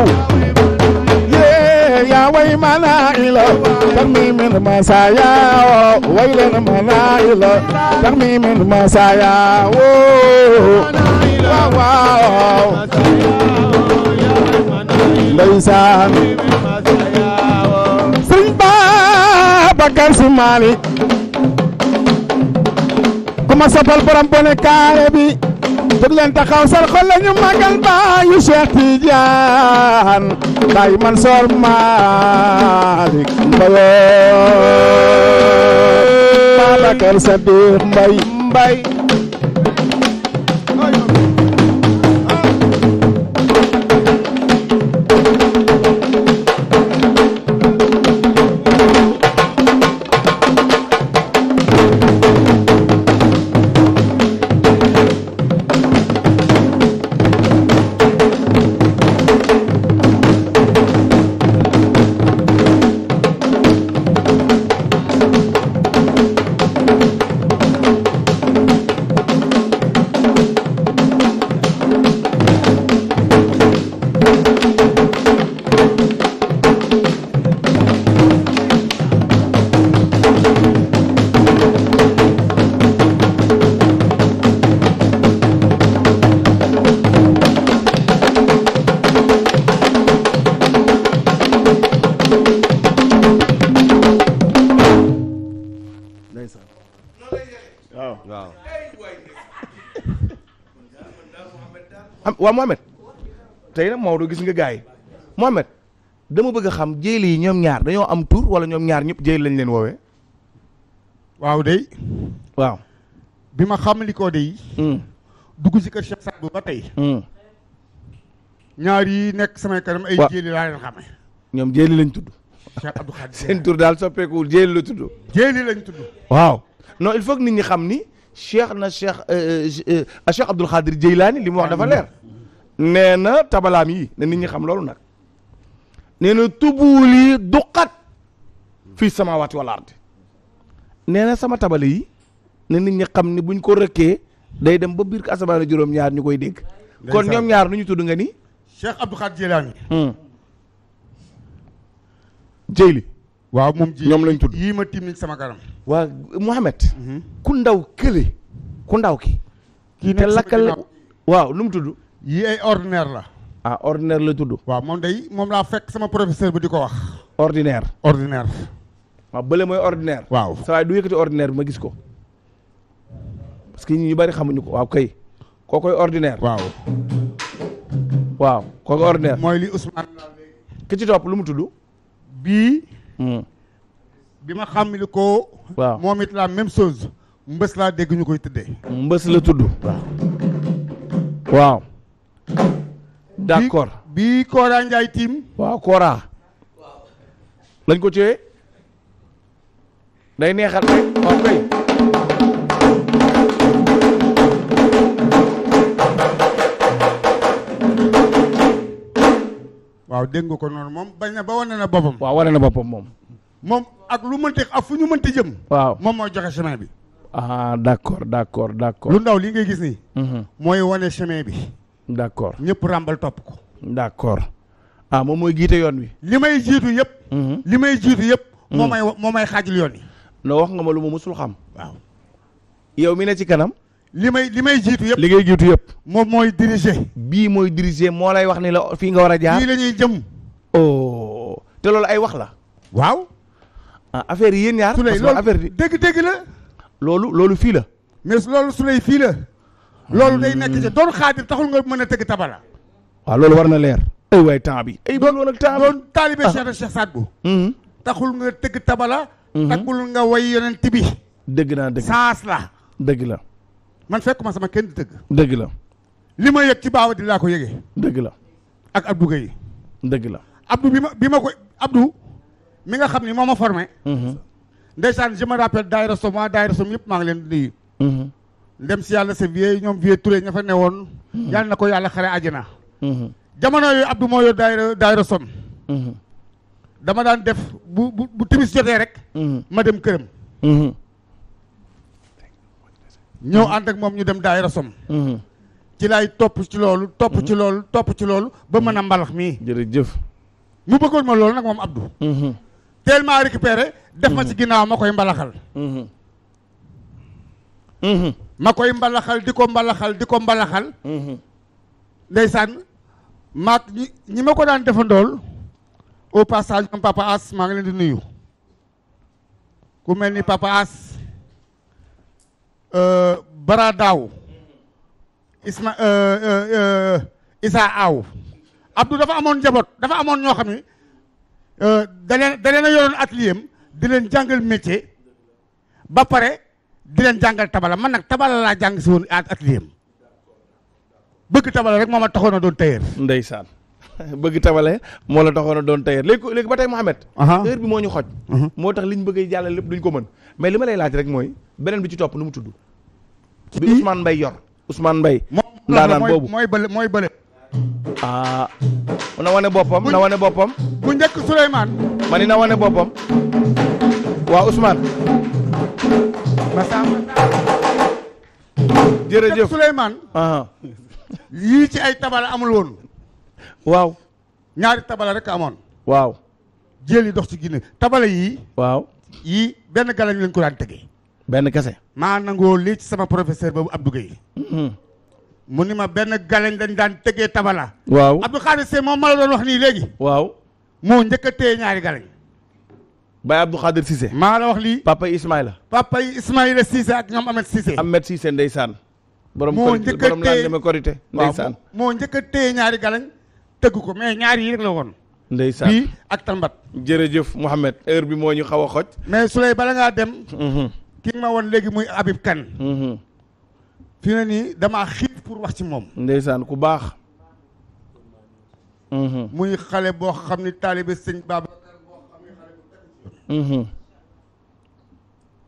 yee yaa way mana ilo tax mi min masaya o way leen mana ilo tax mi min masaya o waaw waaw ndeysaan Abakar ku ma soppal borom bi jóg leen taxaw sal xol la ñu magal baayu Cheikh Tidiane baay Mansoor Maalik mbayoo Abakar Sadiq Mbay waaw Mohamed tey nag Maodo gis nga gaa yi Mohamed dama bëgg a xam jéeli yi ñoom ñaar dañoo am tur wala ñoom ñaar ñëpp jéeli lañ leen woowee. waaw bi ma xamli koo day hmm. dugg si kër Cheikh Sadbou ba tey. Hmm. ñaar nekk samay kanam ay jéeli laa leen ñoom jéeli lañ tudd. Cheikh seen tur daal soppeekuwul jéeli la tudd. jéeli lañ tudd. waaw non il faut que nit ñi xam ni. cheikh na cheikh ah cheikh Abdul Xaadir Jeylaani li mu wax dafa leer. nee na tabalaam yi ne nit ñi xam loolu nag nee na tubuuli duqat fii samawati wal ardi nee na sama tabale yi ne nit ñi xam ne buñ ko rëkkee day dem ba biir asamaan juróom-ñaar ñu koy dégg. kon ñoom ñaar nu ñu tudd nga ni. Cheikh Abdou Khadre hmm. waaw moom ñoom lañ tudd yii ma sama garam. waa hmm. ku ndaw kële ku ndaw ki. kii te lakkal waaw lu tudd. yii ay ordinaire la. ah ordinaire la tudd. waaw moom day moom laa fekk sama professeur bi di ko wax. ordinaire. ordinaire. waaw bële mooy ordinaire. waaw saa waay du yëkkati ordinaire bi ma gis ko. parce que ñu bari xamuñu ko waaw kay. koo koy ordinaire. waaw. waaw koo koy ordinaire. mooy li Ousmane. ki ci topp lu mu tudd. bii. Hmm. bi ma xam li ko. waaw moom it la même chose. mbës laa dégg ñu koy tëddee. mbës la tudd. waaw. d'accord bi Kora Ndiaye tiim. waaw Kora. lañ ko cee day neexal waaw kay. waaw dégg nga ko noonu moom bañ na ba wane na boppam. waaw wane na boppam moom. moom ak lu mënti ak fu ñu mënti jëm. waaw moom mooy joxe chemin bi. ah d'accord d'accord d'accord. lu ndaw lii ngay gis nii. Mhm. mooy wane chemin bi. d' accord ñëpp ràmbal topp ko. d' accord ah moom mooy jiite yoon wi. li may jiitu yëpp. Mm-hmm. li may jiitu yëpp. Mm-hmm. moo may moo may xaajul yoon wi. noo wax nga ma lu ma musul xam. waaw yow mi ne ci kanam. li may li may jiitu yëpp li ngay jiitu yëpp. moom mooy diriger. bii mooy diriger moo lay wax ni la fii nga war a jaar. fii la jëm. Oh. te loolu ay wax la. waaw. ah affaire yi yéen ñaar. su dee loolu affaire bi dégg dégg la. loolu loolu fii la. mais loolu su dee fii la. loolu day nekk ci doon xaadir taxul nga mën a tëgg tabala. waaw loolu war na leer. ay waay temps bi. ay doon woon ak temps bi doon taalibe ah. Cheikh na Cheikh Saad Bou hmm. taxul nga tëgg tabala. Hmm. taxul nga way yeneen bi. dëgg naa dëgg saas la. dëgg la. man ma sama kenn di tëgg. dëgg la. li ma yëg ci baawa di laa ko yëgee. dëgg la. ak la Abdou bi ma bi ma ko Abdou. mi nga xam ni moom ma formé. Hmm. ndeysaan je me rappelle daayira som yëpp maa ngi leen di ndem si yàlla sa vieux ñoom vieux Touré ña fa newoon. Mm-hmm. yàlla na ko yàlla xare àjjana. Mm-hmm. jamono yooyu Abdou moo yor daayira daayira son mm-hmm. dama daan def bu bu bu timis jotee rek. ma dem këram. ñëw ànd ak moom ñu dem daay som ci laay topp ci loolu topp ci loolu topp ci loolu ba mën a mbalax mii jërëjëf mu bëggoon ma loolu nag moom Abdou tellement récupéré def ma ci ginnaaw ma koy mbalaxal ma koy mbalaxal di ko mbalaxal di ko mbalaxal. Mm-hmm. ndeysaan maag ñi ñi ma ko daan defandool au passage am papa As maa ngi leen di nuyu. ku mel ni papa As euh, baraadaaw Daaw Isma euh, euh, Isa Aw Abdou dafa amoon njaboot dafa amoon ñoo xam ne da leen da leen a yoroon atelier am di leen jàngal métier ba pare. di leen jàngal tabala man nag tabala laa jàng si woon at atelier bëgg tabala rek moo ma taxoon a doon tailleur. ndeysaan bëgg tabale moo la taxoon doon tailleur léegi léegi ba tey Mouhamed. heure bi moo ñu xoj. Mhm. moo tax liñ bëgg a jàllale lépp duñ ko mën mais li ma lay laaj rek mooy beneen bi ci topp nu mu tudd. bi Ousmane Mbaye yor Ousmane Mbaye. ndaanaan boobu mooy bële mooy bële. ah. na wane boppam na wane boppam. bu njëkk Souleymane. ma ni na wane boppam. Massamba jërëjëf Souleymane yii ci ay tabala amul woon waaw ñaari tabala rek amoon waaw jël yi dox ci Guinée tabala yii waaw yii benn galañ lañ ko daan tëgee benn kese maa nangoo lii ci sama professeur boobu Abdou Gueye mm-hmm. mu ni ma benn galañ dañ daan tëgee tabala waaw Abdou Khadir Seye moom ma la doon wax nii léegi waaw moo njëkk a téye ñaari galañ Baye Abdou Khadir Cissé. maa la wax lii. papa yi Ismaïla. papa yi Ismaïla Cissé ak ñoom Ahmed Cissé. Ahmed Cissé ndeysaan. borom korité borom laa demee korité. ndeysaan moo njëkk a ñaari galañ. tëgg ko mais ñaari yi rek la woon. ndeysaan bii ak tambat. jërëjëf Mouhamed heure bi moo ñu xaw a xoj. mais Souley bala ngaa dem. Mhm. ki ma woon léegi muy Habib Kane. Mhm. fi na nii damaa xiif pour wax ci moom. ndeysaan ku baax. Mhm. muy xale boo xam ni taalibe sëñ Babacar Mm-hmm.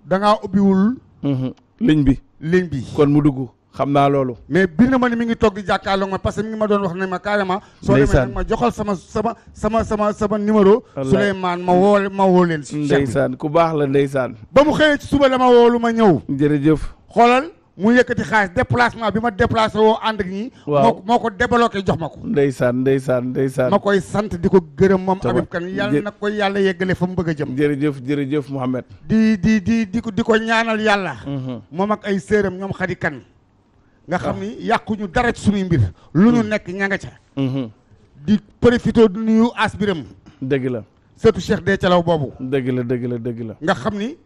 da ngaa ubbiwul. Mm-hmm. liñ bi liñ bi. kon mu dugg xam naa loolu. mais biir na ma ni mu ngi togg di jàkkaarloog ma parce que mi ngi ma doon wax na ma carrément. soo demee nag ma joxal sama sama sama sama sama numéro. Souleymane ma woo ma woo leen. si ndeysaan ku baax la ndeysaan. ba mu xëyee suba dama woolu ma ñëw. jërëjëf xoolal. mu yëkkati xaalis déplacement bi ma déplacé woo ànd ak ñi. waaw moo ko débloqué jox ma ko. ndeysaan ndeysaan ndeysaan. ma koy sant di ko gërëm moom Habib Kane yàlla na ko yàlla yeggale fa mu bëgg jëm. jërëjëf jërëjëf Mouhamed. di di di di ko di ko ñaanal yàlla. Mhm. moom ak ay séeram ñoom Khady kan nga xam ah. ni yàquñu dara sumuy mbir. lu ñu mm. nekk ña nga ca. Mhm. di profité du nuyu asbiram. dëgg la. surtout Cheikh Dethialaw boobu. dëgg la dëgg la dëgg la. nga xam ni.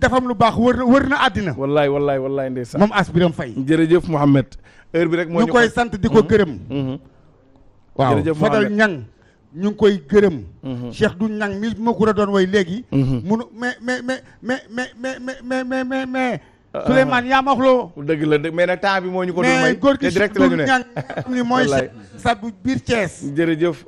defam lu baax wër na wër na àddina. wallaay wallaay wallaay ndeysaan. moom as biram fay. jërëjëf Mouhamed heure bi rek. moo ñu koy sant di ko gërëm. waaw Fadal ñang ñu ngi koy gërëm. Cheikh du ñang mi ma ko doon way léegi. munu mais mais mais mais mais mais mais mais mais. Souleymane yaa ma wax dëgg la dëgg mais nag temps bi moo ñu ko. doon may te direct la ñu ne góor gi du ñang mooy. sa bu biir Thiès. jërëjëf.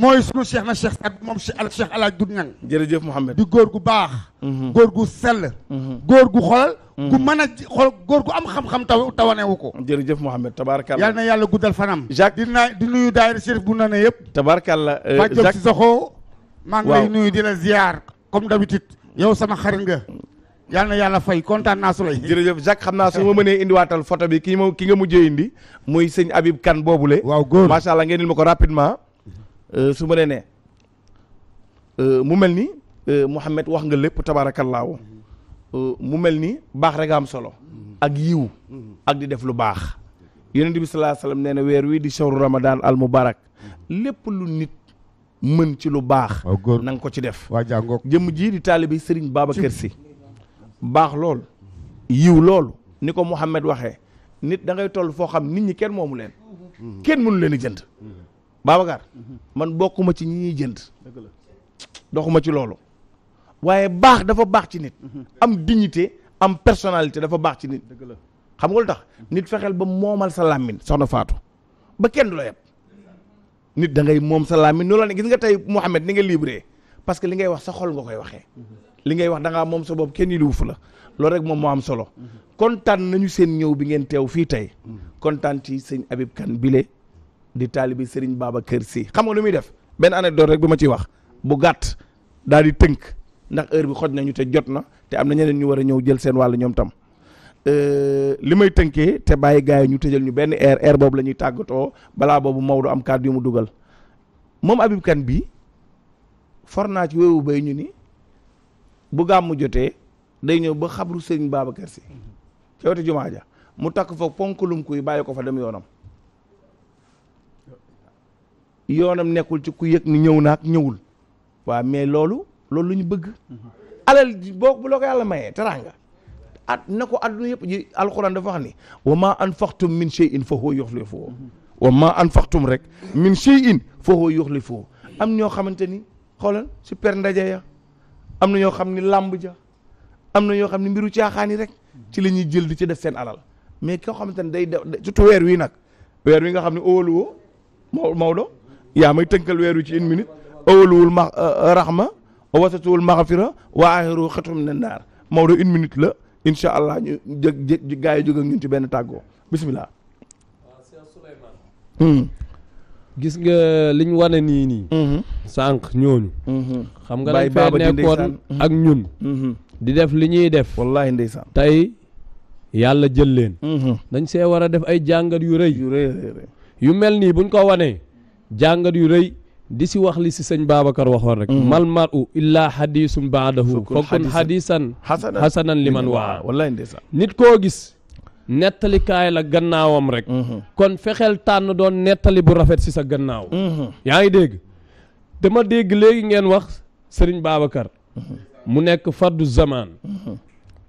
mooy sunu cheikh na cheikh Saad moom al cheikh alaaj dut ñang jërëjëf Mouhamed di góor gu baax mhm. góor gu sell mhm. góor gu xolal gu mhm. mën a xol góor gu am xam-xam taw tawanewu ko jërëjëf Mouhamed tabarakallah yal na yàlla guddal fanam Jacques di naa di nuyu daayira Chérif bu na ne yëpp tabarakallah euh, Jacques si soxoo maa ngi lay nuyu di la ziar comme d'habitude yow sama xarit nga yàlla na yàlla fay kontaan naa su lay jërëjëf Jacques xam naa su ma mënee indiwaatal photo bi ki ma ki nga mujjee indi muy sëñ Habib Kane boobule waaw góor macha allah ngeen il Euh, su ma nee euh, mu mel ni euh, Mouhamed wax nga lépp tabaarakallaahu mu mel ni baax rek am solo ak yiw ak di def lu baax yonent bi sallallahu alayhi wasallam nee na weer wii di shahru ramadan al mubarak lépp lu nit mën ci lu baax na nga ko ci def waa jàngook jëmm jii di taalibi Serigne Babacar si baax lool yiw loolu ni ko Mouhamed waxee nit dangay ngay toll foo xam nit ñi kenn moomu leen kenn mënu leen a jënd Babacar mhm. man bokkuma ci ñi ñuy jënd doxuma ci loolu waaye baax dafa baax ci nit mhm. am dignité am personnalité dafa baax ci nit xam nga lu tax nit fexeel ba moomal sa làmmin soxna Faatu ba kenn du la yeb nit da ngay moom sa làmmiñ noonu la ne gis nga tey Mouhamed ni nga libre parce que li ngay wax sa xol nga koy waxee mhm. li ngay wax da ngaa moom sa bopp kenn yi liwufu la loolu rek moom moo am solo kontaan nañu seen ñëw bi ngeen teew fii tey kontaan ci sëñ Habib Kane bile di taalibi Serigne Babacar Sy xam nga lu muy def benn anecdote rek bi ma ciy wax bu gàtt daal di tënk ndax heure bi xoj nañu te jot na te am na ñeneen ñu war a ñëw jël seen wàll ñoom tam. Euh, li may tënkee te bàyyi gars yi ñu tëjal ñu benn air air boobu la ñuy tàggatoo balaa boobu Maodo am kàddu yu mu dugal moom Habib Kane bii for naa ci wéewu bay ñu ni bu gàmmu jotee day ñëw ba xabru Serigne Babacar Sy ca wetu jumaa ja mu takk foog ponkalum kuy bàyyi ko fa dem yoonam. yoonam nekkul ci ku yëg ni ñëw naak ñëwul waaw mais loolu loolu lu ñu bëgg alal ji boo bu la ko yàlla mayee teraanga at na ko adduna yëpp ji alxuraan dafa wax ni wa maa anfaqtum min shay'in fa huwa yukhlifuhu wa maa anfaqtum rek min shay'in fa huwa foo am ñoo xamante ni xoolal si per ndaje am na ñoo xam ni làmb ja am na ñoo xam ni mbiru caaxaan yi rek ci la ñuy jël di ci def seen alal mais koo xamante ni day def surtout weer wii nag weer wi nga xam ne óolu woo Maodo yaa may tënkal weeru ci une minute awaluwul ma euh, euh, rahma wasatuwul maxafira wa axiru xatum ne naar Maodo une minute la incha allah ñu jë jë jóg ak ñun ci benn tàggoo bisimilah. Hmm. gis nga liñ wane nii nii. Hmm. sànq ñooñu. Hmm. xam nga dañ fee nekkoon ak ñun. di def li ñuy def. wallaahi ndeysaan tey yàlla jël leen. dañ see war a def ay jàngat yu rëy. yu rëy yu mel nii buñ ko wanee. jàngat yu rëy di si wax li si sëñ Babacar waxoon rek mm-hmm. mal mar u illaa xadisun baadahu fakun xadisan xasanan li man waa wallaay ndeysaan nit koo gis nettalikaay la gannaawam rek mm-hmm. kon fexeel tànn doon nettali bu rafet si sa gannaaw mm-hmm. yaa ngi dégg dama dégg léegi ngeen wax sëriñ Babacar mu nekk fardu zaman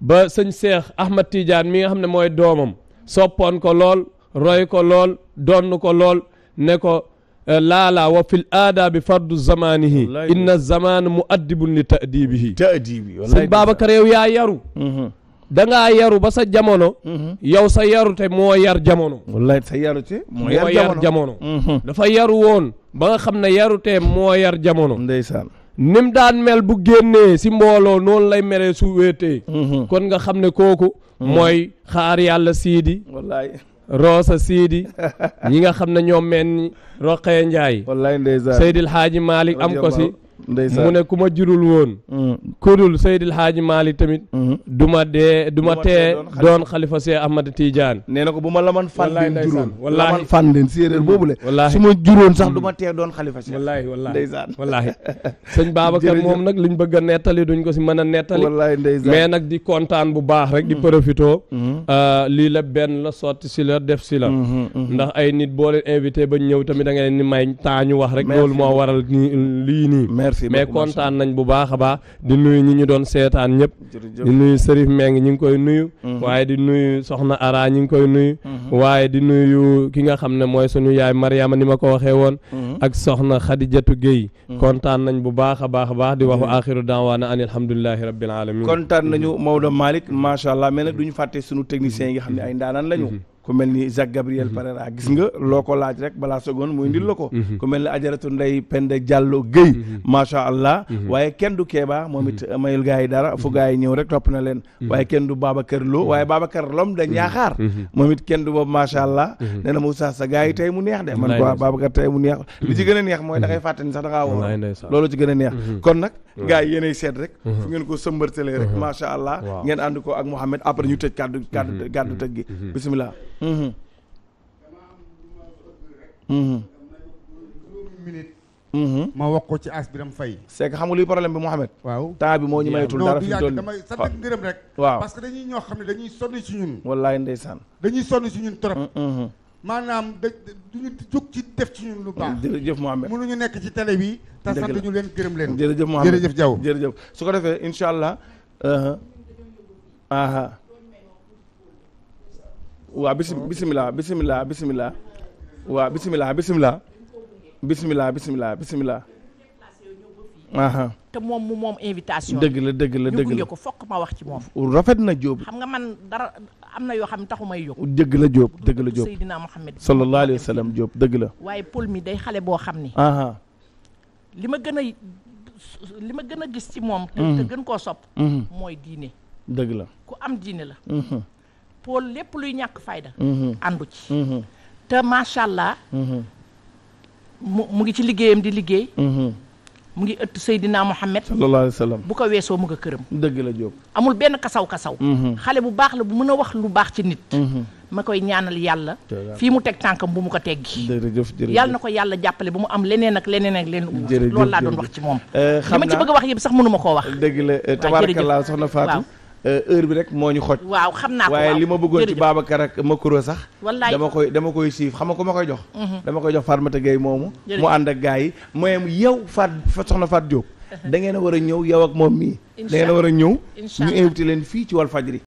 ba sëñ Seex Ahmad tiijaan mi nga xam ne mooy doomam soppoon ko lool roy ko lool donn ko lool ne ko laala eh, wa fil aadabi fardu zamanihi inna zaman muaddibun li ta'dibihi ta'dibi sëñ Babacar yow yaa yaru mhm. da ngaa yaru ba sa jamono mhm. yow sa yarute moo yar jamono sa yarute moo yar jamono mhm. dafa yaru woon ba nga xam ne yarutee moo yar jamono ndeysaan nim daan mel bu génnee si mbooloo noonu lay meree su wéetee kon nga xam ne kooku mooy xaar yàlla siidi Roosa Siidi yi nga xam ne ñoom meen Roqee Njaay wallaay ndeysaan Seydil Xaaji Malick am ko si ndeysaan mu ne ku ma jurul woon mm. kudul Seydil Haaji Maali tamit mm-hmm. du ma dee du ma tee doon xalifa see Ahmad Tidiane nee na ko bu ma laman fàn leen juróon wallaahi laman fàn leen boobu le wallaahi su ma juróon sax du ma tee doon xalifa see wallaahi wallaahi ndeysaan wallaahi sëñ Babacar moom nag liñ bëgg a nettali duñ ko si mën a nettali wallaahi mais nag di kontaan bu baax rek di mm. profito mm-hmm. euh, lii la benn la sotti si la def si la mm-hmm, ndax ay nit boo invité ba ñëw tamit da ni may temps ñu wax rek loolu moo waral lii nii merci mais kontaan nañ bu baax a baax di nuyu ñi ñu doon seetaan ñëpp di nuyu Serif Meng ñi ngi koy nuyu mhm. waaye di nuyu Soxna Ara ñi ngi koy nuyu mhm. waaye di nuyu ki nga xam ne mooy suñu yaay Mariama ni ma ko waxee woon mhm. ak Soxna Xadijatu Guèye kontaan nañ bu baax a baax a baax di waxu axiru daawaana an alhamdulilahi rabbil alamin kontaan nañu Maodo Malick macha allah mais nag duñu fàtte suñu techniciens yi nga xam ne ay ndaanaan lañu ku mel ni Jacques Gabriel mhm. Pereira gis nga loo ko laaj rek balaa seconde muy ndil la ko mhm. ku mel ni Ajaratu Ndey Pende Diallo Guèye macha mhm. allah waaye kenn du Kéba moom it mayul gars yi fu gars ñëw rek topp na leen waaye kenn du Babacar Lo waaye Babacar Lom dañ yaakaar moom it kenn du boobu macha allah nee na Moussa sa gars tey mu neex de man quoi Babacar tey mu neex li ci gën a neex mooy da ngay fàtte ni sax da ngaa wóor loolu ci gën a neex kon nag gars yi yéenay seet rek fu ngeen ko sëmbartalee rek macha allah ngeen ànd Mm-hmm. Mm-hmm. Mm-hmm. ma wax ko ci as biram fay c'est que xam nga luy problème bi Mouhamed waaw temps bi moo ñu mayetul dara fi toll damay sant ngërëm rek waaw parce que dañuy ñoo xam ne dañuy sonn si ñun wallaay ndeysaan dañuy sonn si ñun trop maanaam da duñu jóg ci def ci ñun lu baax jërëjëf Mouhamed mënuñu nekk ci tele bi te sant ñu leen gërëm leen jërëjëf Mouhamed jërëjëf Diaw jëf su ko defee incha allah aha uh-huh. uh-huh. waaw bisi bisimilah bisimilah bisimilah waaw bisimilah bisimilah bisimilah bisimilah bisimilah te moom mu moom invitation dëgg la dëgg la dëgg la ñu ko fokk ma ci rafet na Diop. xam nga man dara am na yoo xam ne taxu may yóbbu. dëgg la Diop dëgg la Diop Seydina Mohamed. sallallahu alayhi wa sallam Diop dëgg la. waaye Paul mi day xale boo xam ni. li ma gën a ma gën a gis ci moom. Mm-hmm. te gën koo sopp. Mm-hmm. mooy diine. dëgg la ku am diine la. Mm-hmm. Paul lépp luy ñàkk fayda mm-hmm. àndu ci mm-hmm. te macha allah. Mm-hmm. mu mu ngi ci liggéeyam di liggéey mu ngi ëtt Seydina Mohamed sallallahu alayhi wa sallam bu ko weesoo mu nga këram dëgg la jóg amul benn kasaw-kasaw xale bu baax la bu mun a wax lu baax ci nit ma koy ñaanal yàlla fii mu teg tànkam bu mu ko teggi yàlla na ko yàlla jàppale bu mu am leneen ak leneen ak leneen loolu laa doon wax ci moom eh, li ma ci bëgg a wax yëpp sax mënuma koo wax dëgg la tabarakallah soxna Fatou Euh, heure bi rek moo ñu xoj. waaw xam naa ko waaye li ma bëggoon ci rek ak Makoro sax. wallaay dama koy dama koy siif xam ko ma koy jox. Mhm. dama koy jox Fatmata Gueye moomu. mu ànd ak gars yi mooyam yow Fat soxna Fat Diop. da ngeen a war a ñëw yow ak moom mii. da ngeen a war a ñëw. ñu invité leen fii ci Walfadjri